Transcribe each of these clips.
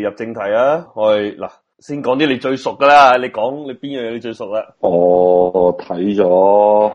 入正題啊！我嗱，先講啲你最熟噶啦。你講你邊樣嘢？你最熟啦？我睇咗《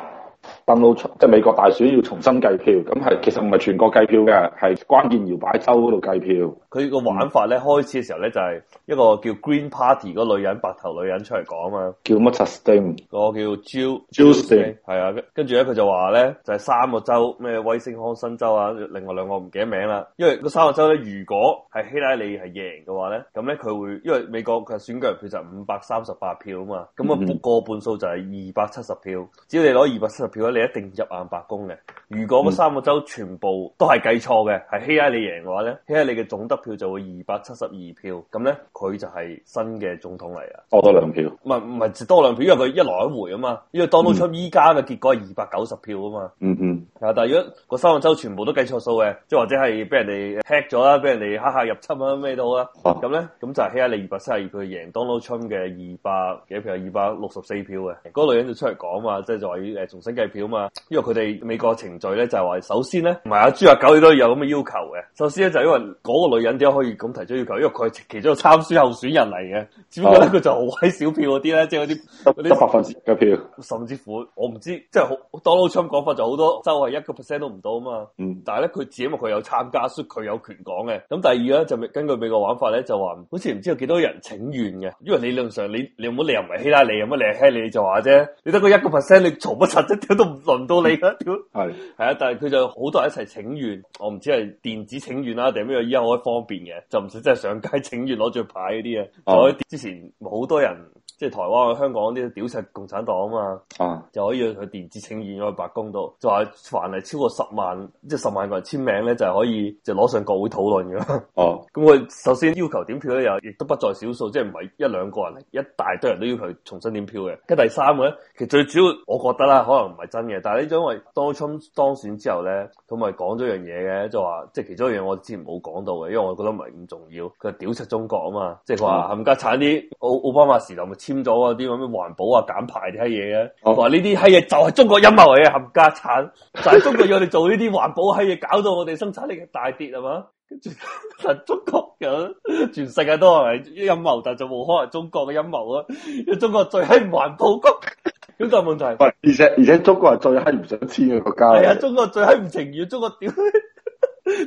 登即係美國大選要重新計票，咁係其實唔係全國計票嘅，係關鍵搖擺州嗰度計票。佢個玩法咧，嗯、開始嘅時候咧就係、是、一個叫 Green Party 個女人，白頭女人出嚟講啊嘛。叫乜 Justin？我叫 Jew，Jewstine。係啊，跟住咧佢就話咧，就係、是、三個州咩威斯康辛州啊，另外兩個唔記得名啦。因為嗰三個州咧，如果係希拉里係贏嘅話咧，咁咧佢會因為美國佢選舉人票就五百三十八票啊嘛，咁、那、啊個半數就係二百七十票。嗯、只要你攞二百七十票咧，你一定入。萬白宮嘅，如果嗰三個州全部都係計錯嘅，係希拉里贏嘅話咧，希拉里嘅總得票就會二百七十二票，咁咧佢就係新嘅總統嚟啊，多多兩票，唔係唔係多兩票，因為佢一來一回啊嘛，因為 Donald Trump 依家嘅結果係二百九十票啊嘛，嗯嗯哼，啊但係如果嗰三個州全部都計錯數嘅，即係或者係俾人哋 hack 咗啦，俾人哋黑客入侵啊咩都好啦，咁咧咁就希拉里二百七十二佢贏 Donald Trump 嘅二百幾票，二百六十四票嘅，嗰、嗰個女人就出嚟講啊嘛，即係就話要誒重新計票啊嘛。因為佢哋美國程序咧就係話，首先咧，同埋阿豬阿狗佢都有咁嘅要求嘅。首先咧就係因為嗰個女人點解可以咁提出要求？因為佢係其中一個參選候選人嚟嘅。只不過咧佢就好攞小票嗰啲咧，即係嗰啲得嗰啲百分之嘅票，甚至乎我唔知，即係好多 Donald Trump 講法就好多周圍一個 percent 都唔到啊嘛。嗯，但係咧佢自己因為佢有參加，所以佢有權講嘅。咁第二咧就根據美國玩法咧就話，好似唔知有幾多人請願嘅，因為理論上你你冇理由唔係希拉里啊嘛，你係你就話啫，你得個一個 percent，你從乜神都都唔輪到。係，係啊， 但係佢就好多人一齊請願，我唔知係電子請願啦，定咩嘢？依家好方便嘅，就唔使真係上街請願，攞住牌嗰啲啊。哦，之前好多人。即係台灣去香港啲屌柒共產黨啊嘛，啊就可以去電子請願咗去白宮度，就話凡係超過十萬，即係十萬個人簽名咧，就係可以就攞上國會討論嘅哦，咁佢、啊、 首先要求點票咧，又亦都不在少數，即係唔係一兩個人，一大堆人都要求重新點票嘅。跟住第三個咧，其實最主要我覺得啦，可能唔係真嘅，但係呢種因為 Donald Trump 當選之後咧，佢咪講咗樣嘢嘅，就話即係其中一樣我之前冇講到嘅，因為我覺得唔係咁重要。佢係屌柒中國啊嘛，即係話冚家產啲奧奧巴馬時代咪。啊簽咗啊啲咁嘅環保啊減排啲閪嘢啊，話呢啲閪嘢就係中國陰謀嚟嘅，冚家產就係、是、中國要我哋做呢啲環保閪嘢， 搞到我哋生產力嘅大跌係嘛？跟住，係 中國人，全世界都係陰謀，但就冇可能中國嘅陰謀啊！因為中國最閪環保局，呢 個問題、就是。喂，而且而且中國係最閪唔想簽嘅國家。係啊，中國最閪唔情願，中國屌。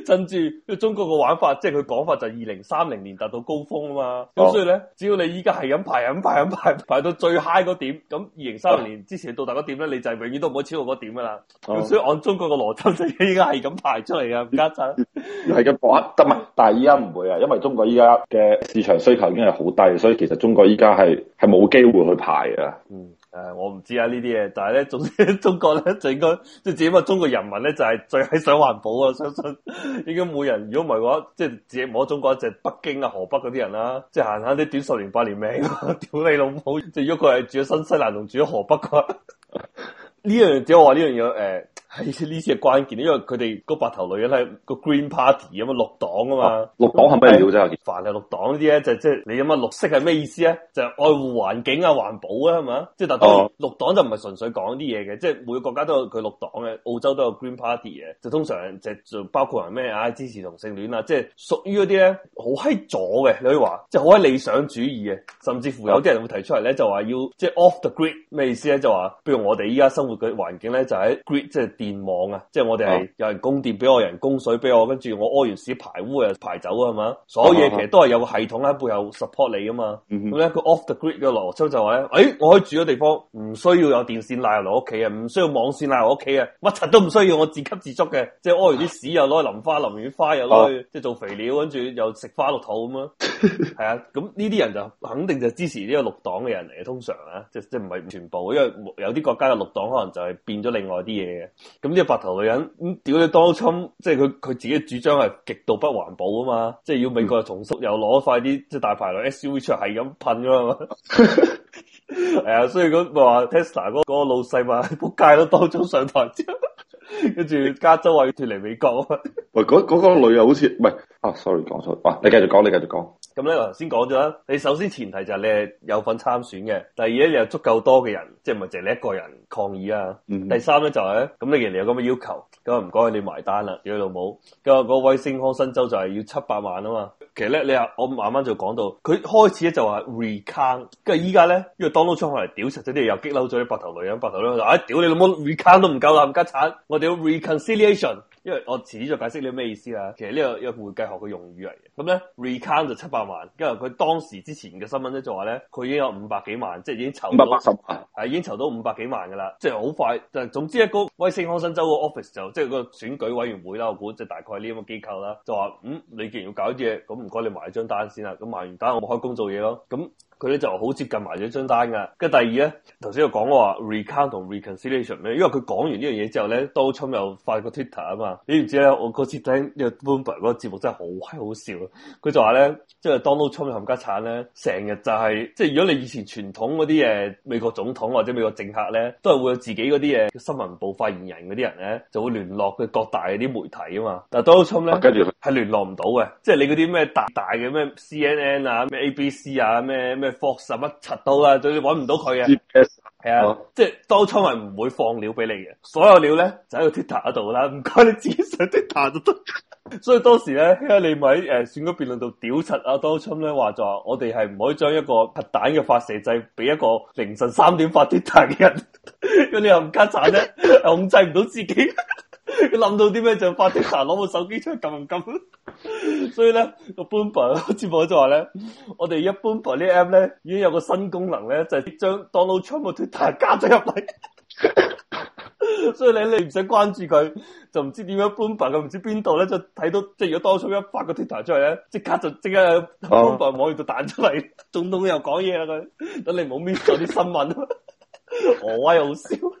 甚至，中國嘅玩法，即係佢講法就係二零三零年達到高峰啊嘛。咁、哦、所以咧，只要你依家係咁排，咁排，咁排，排到最 high 嗰點，咁二零三零年之前到達嗰點咧，哦、你就係永遠都唔好超過嗰點噶啦。咁、哦、所以按中國嘅邏輯，即係依家係咁排出嚟噶，唔加陣係咁講，但係但係依家唔會啊，因為中國依家嘅市場需求已經係好低，所以其實中國依家係係冇機會去排噶。嗯誒、呃，我唔知啊呢啲嘢，但係咧，總之中國咧就應該即係點啊？自己中國人民咧就係、是、最係想環保啊！相信應該冇人，如果唔係嘅話，即係自己摸中國一隻、就是、北京啊、河北嗰啲人啦、啊，即係行下啲短十年八年命，屌 你老母！就如果佢係住咗新西蘭同住咗河北嘅話呢樣只係話呢樣嘢誒～係呢次係關鍵，因為佢哋嗰白頭女人係個 Green Party 啊嘛，綠黨啊嘛，綠黨係咩料啫？凡係綠黨啲咧就即、是、係你咁啊，綠色係咩意思啊？就係、是、愛護環境啊、環保啊，係嘛？即、就、係、是、但當然，綠黨就唔係純粹講啲嘢嘅，即係每個國家都有佢綠黨嘅，澳洲都有 Green Party 嘅，就通常就就是、包括係咩啊？支持同性戀啊，即係屬於嗰啲咧好閪左嘅，你可以話即係好閪理想主義嘅，甚至乎有啲人會提出嚟咧，就話要即係、就是、Off the Grid 咩意思咧？就話，譬如我哋依家生活嘅環境咧，就喺 Grid 即係。電網啊，即係我哋係有人供電俾我，有人供水俾我，跟住我屙完屎排污又排走啊，係嘛？所有嘢其實都係有個系統喺背後 support 你噶嘛。咁咧，佢 off the grid 嘅邏輯就話咧，誒、哎，我可以住嘅地方唔需要有電線拉入嚟屋企啊，唔需要網線拉入我屋企啊，乜柒都唔需要，我自給自足嘅，即係屙完啲屎又攞去淋花，啊、淋完花又攞去，即係做肥料，跟住又食花落肚咁咯。係 啊，咁呢啲人就肯定就支持呢個綠黨嘅人嚟嘅，通常啊，即係即係唔係全部，因為有啲國家嘅綠黨可能就係變咗另外啲嘢嘅。咁呢個白頭女人咁屌你當冲，Trump，即係佢佢自己主張係極度不環保啊嘛，即係要美國重又重縮又攞塊啲即係大排量 SUV 出嚟係咁噴噶嘛，係啊，所以咁話 Tesla 嗰嗰個老細嘛，仆街都當中上台，跟住加州話要脫離美國 喂、嗰個，喂，嗰嗰個女又好似唔係啊，sorry 講錯，哇、啊，你繼續講，你繼續講。咁咧，頭先講咗啦。你首先前提就係你係有份參選嘅。第二咧，你有足夠多嘅人，即係唔係淨係你一個人抗議啊。嗯、哼第三咧就係、係，咁你人哋有咁嘅要求，咁唔該你埋單啦，屌你老母。咁啊，嗰威斯康辛州就係要七百萬啊嘛。其實咧，你啊，我慢慢就講到，佢開始咧就話 recount，跟住依家咧，因為當到出嚟屌實咗啲，又激嬲咗啲白頭女人、白頭佬就，唉、哎，屌你老母 recount 都唔夠啦，唔加產，我哋要 reconciliation。因為我遲啲就解釋你咩意思啦，其實呢、這個一、這個會計學嘅用語嚟嘅，咁咧 recount 就七百萬，因為佢當時之前嘅新聞咧就話咧佢已經有五百幾萬，即係已經籌到五百八十萬，係、嗯、已經籌到五百幾萬噶啦，即係好快。但係總之一個威斯康辛州個 office 就即係個選舉委員會啦，我估即係大概呢咁嘅機構啦，就話嗯你既然要搞呢嘢，咁唔該你埋一張單先啦，咁埋完單我開工做嘢咯，咁。佢咧就好接近埋咗張單噶，跟住第二咧，頭先又講話 recount 同 reconciliation 咩？Ation，因為佢講完呢樣嘢之後咧，Donald Trump 又發個 Twitter 啊嘛，你唔知咧，我嗰次聽呢個 Bloomberg 嗰個節目真係好閪好笑，佢就話咧、就是，即係 Donald Trump 冚家產咧，成日就係即係如果你以前傳統嗰啲嘢美國總統或者美國政客咧，都係會有自己嗰啲嘢新聞部發言人嗰啲人咧，就會聯絡佢各大嗰啲媒體啊嘛，但 Donald Trump 咧，係、啊、聯絡唔到嘅，即係你嗰啲咩大大嘅咩 CNN 啊、咩 ABC 啊、咩咩。放什麼賊刀啦，最揾唔到佢嘅，係啊，即係當初係唔會放料俾你嘅，所有料咧就喺個 Twitter 嗰度啦，唔該你自己上 Twitter 就得。所以當時咧，因為你咪喺選舉辯論度屌柒啊，當初咧話就話我哋係唔可以將一個核彈嘅發射掣俾一個凌晨三點發 Twitter 嘅人，咁你又唔加產啫，控制唔到自己，諗到啲咩就發 Twitter 攞部手機出去撳撳。 所以咧個 Bloomberg，主播就話咧，我哋一 Bloomberg 呢 app 咧已經有個新功能咧，就將 Donald Trump 嘅 twitter 加咗入嚟。 所以你你唔使關注佢，就唔知點樣 Bloomberg 佢，唔知邊度咧就睇到，即係如果當初一發個 twitter 出嚟咧，即刻就即刻喺 Bloomberg 網頁度彈出嚟，咚 總統又講嘢啦佢，等你冇 miss 咗啲新聞， 我話又好笑。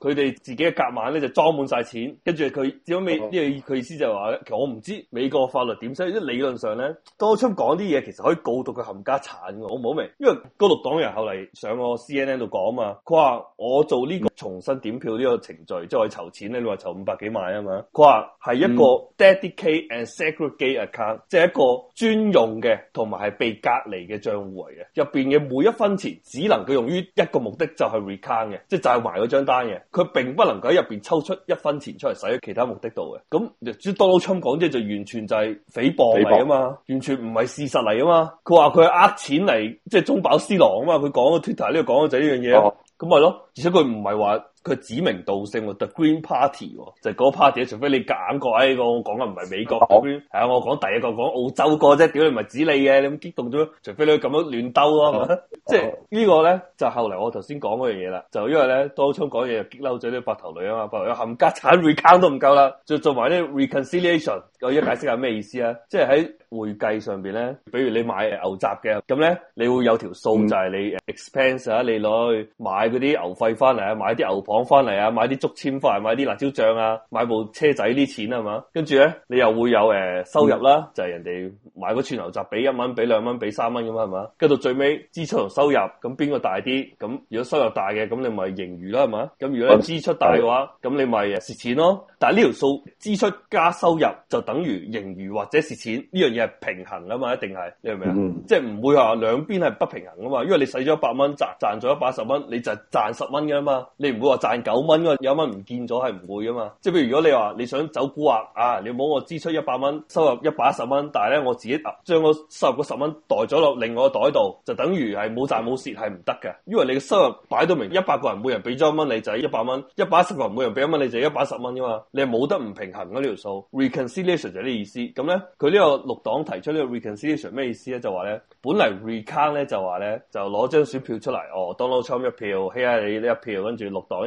佢哋自己嘅夾萬咧就裝滿晒錢，跟住佢點解美？因為佢意思就話、是，其實我唔知美國法律點，所以喺理論上咧，多出講啲嘢其實可以告到佢冚家產嘅，好唔好明。因為嗰綠黨人後嚟上個 CNN 度講嘛，佢話我做呢、這個重新點票呢個程序，即再籌錢咧，你話籌五百幾萬啊嘛。佢話係一個 dedicated and segregated account，即係一個專用嘅同埋係被隔離嘅帳戶嚟嘅，入邊嘅每一分錢只能夠用於一個目的，就係、是、recount 嘅，即係債埋嗰張單嘅。佢並不能夠喺入邊抽出一分錢出嚟使喺其他目的度嘅，咁即係特朗普講，即係就完全就係誹謗嚟啊嘛，完全唔係事實嚟啊嘛。佢話佢係呃錢嚟，即、就、係、是、中飽私囊啊嘛。佢講 Tw、這個 Twitter 呢個講嘅、哦、就呢樣嘢，咁咪咯。而且佢唔係話。佢指名道姓喎，The Green Party 喎，就嗰個 party，除非你夾硬講，哎，我講嘅唔係美國 Green，係啊，我講第一個講澳洲個啫，屌你唔係指你嘅，你咁激動咗，除非你咁樣亂鬥咯，即係呢個咧，就後嚟我頭先講嗰樣嘢啦，就因為咧，當初講嘢激嬲咗啲白頭女啊嘛，白頭女冚家產 recount 都唔夠啦，再做埋啲 reconciliation，我依家解釋下咩意思啊，即係喺會計上邊咧，比如你買牛雜嘅，咁咧你會有條數就係你 expense 啊，你攞去買嗰啲牛費翻嚟啊，買啲牛。講翻嚟啊！買啲竹籤飯，買啲辣椒醬啊！買部車仔啲錢啊，係嘛？跟住咧，你又會有誒、呃、收入啦，嗯、就係人哋買個串牛雜俾一蚊，俾兩蚊，俾三蚊咁啊，係嘛？跟到最尾支出同收入，咁邊個大啲？咁如果收入大嘅，咁你咪盈餘啦，係嘛？咁如果你支出大嘅話，咁、嗯、你咪蝕錢咯。但係呢條數支出加收入就等於盈餘或者蝕錢呢樣嘢係平衡啊嘛，一定係你明唔明啊？即係唔會話兩邊係不平衡啊嘛，因為你使咗一百蚊，賺賺咗一百十蚊，你就係賺十蚊嘅嘛，你唔會話。賺九蚊嗰有蚊唔見咗係唔會噶嘛？即係譬如，如果你話你想走股額啊，你冇我支出一百蚊，收入一百一十蚊，但係咧我自己啊將我收入個十蚊袋咗落另外個袋度，就等於係冇賺冇蝕係唔得嘅，因為你嘅收入擺到明，一百個人每人俾一蚊你就係一百蚊，一百一十個人每人俾一蚊你就係一百十蚊噶嘛，你係冇得唔平衡嗰條、這個、數。reconciliation 就係、是、呢意思。咁咧佢呢個綠黨提出呢、這個 reconciliation 咩意思咧？就話咧本嚟 recount 咧就話咧就攞張選票出嚟，哦 Donald Trump 一票希拉里你呢一票，hey, 啊、票跟住綠黨。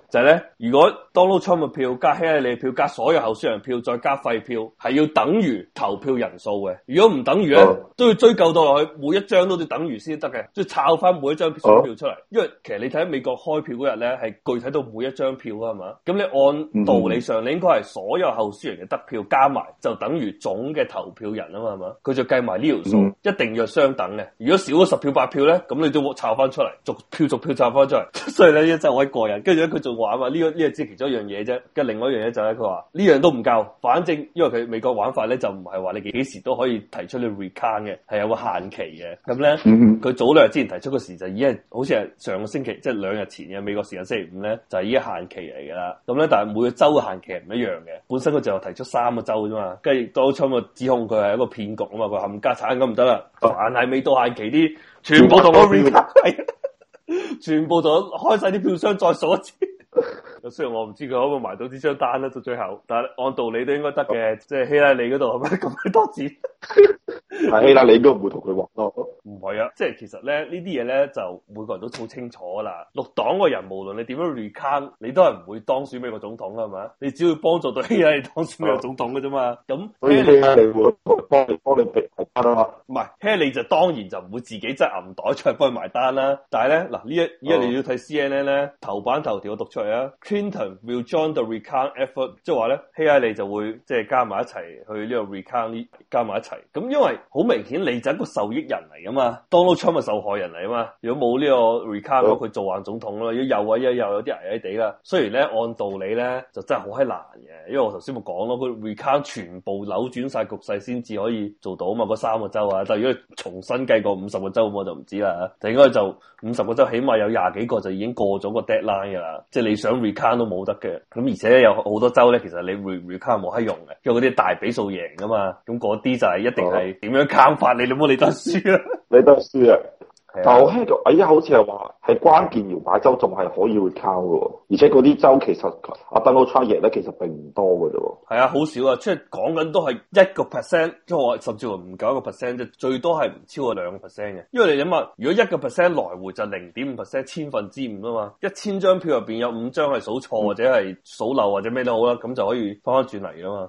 就係咧，如果 Donald Trump 嘅票加希拉里嘅票加所有候選人票再加廢票，係要等於投票人數嘅。如果唔等於咧，啊、都要追究到落去，每一張都要等於先得嘅，即係抄翻每一張票出嚟。啊、因為其實你睇美國開票嗰日咧，係具體到每一張票啊嘛。咁你按道理上，嗯嗯你應該係所有候選人嘅得票加埋就等於總嘅投票人啊嘛，係嘛？佢就計埋呢條數，嗯嗯一定要相等嘅。如果少咗十票八票咧，咁你都抄翻出嚟，逐票逐票抄翻出嚟。 所以咧，真係好鬼過癮。跟住咧，佢仲～話嘛？呢、啊這個呢、這個只其中一樣嘢啫。跟另外一樣嘢就咧、是，佢話呢樣都唔夠。反正因為佢美國玩法咧，就唔係話你幾時都可以提出你 recount 嘅，係有個限期嘅。咁咧，佢 早兩日之前提出個時就已經好似係上個星期，即係兩日前嘅美國時間星期五咧，就依、是、個限期嚟㗎啦。咁咧，但係每個週限期唔一樣嘅。本身佢就提出三個週啫嘛。跟住亦當初咪指控佢係一個騙局啊嘛，佢冚家產咁唔得啦，但係未到限期啲，全部同我 recount， 全部同開曬啲票箱再數雖然我唔知佢可唔可以埋到呢張單啦，到最後，但按道理都應該得嘅。即係 Okay. 希拉里嗰度係咪咁多錢？係 希拉里應該唔會同佢話咯。係啊，即係、 就是、其實咧呢啲嘢咧就每個人都好清楚啦。綠黨嘅人無論你點樣 recount 你都係唔會當選美國總統噶嘛？你只會幫助到希拉里當選美國總統噶啫嘛？咁希拉里會幫你幫你俾埋單啊嘛，唔係，希拉里就當然就唔會自己執銀袋出嚟幫佢埋單啦。但係咧嗱，呢一而家你要睇 CNN 咧頭版頭條我讀出嚟啊，Clinton will join the recount effort，即係話咧希拉里就會即係、就是、加埋一齊去呢個 recount 加埋一齊。咁因為好明顯你就一個受益人嚟噶嘛。Donald Trump 咪受害人嚟啊嘛，如果冇呢個 recount，oh. 佢做唔到總統咯。如果又位一又有啲矮矮地啦，雖然咧按道理咧就真係好閪難嘅，因為我頭先咪講咯，佢 r e c o r n t 全部扭轉晒局勢先至可以做到啊嘛，嗰三個州啊，但係如果重新計過五十個州咁我就唔知啦，就應該就五十個州起碼有廿幾個就已經過咗個 deadline 噶啦，即係你想 r e c o r n t 都冇得嘅。咁而且呢有好多州咧，其實你 r e c o r n t 冇閪用嘅，因為嗰啲大比數贏噶嘛，咁嗰啲就係、是、一定係點、oh. 樣 count 法你都冇你得輸啦。 你得輸啊！啊但係我聽個哎呀，好似係話係關鍵搖擺州仲係可以去靠嘅喎。而且嗰啲州其實阿登 o 差 a 贏咧，啊啊、其實並唔多嘅啫喎。係啊，好少啊！即係講緊都係一個 percent，即係話甚至乎唔夠一個 percent 即最多係唔超過兩個 percent 嘅。因為你諗下，如果一個 percent 來回就零點五 percent，千分之五啊嘛，一千張票入邊有五張係數錯、嗯、或者係數漏或者咩都好啦，咁就可以翻翻轉嚟啦嘛。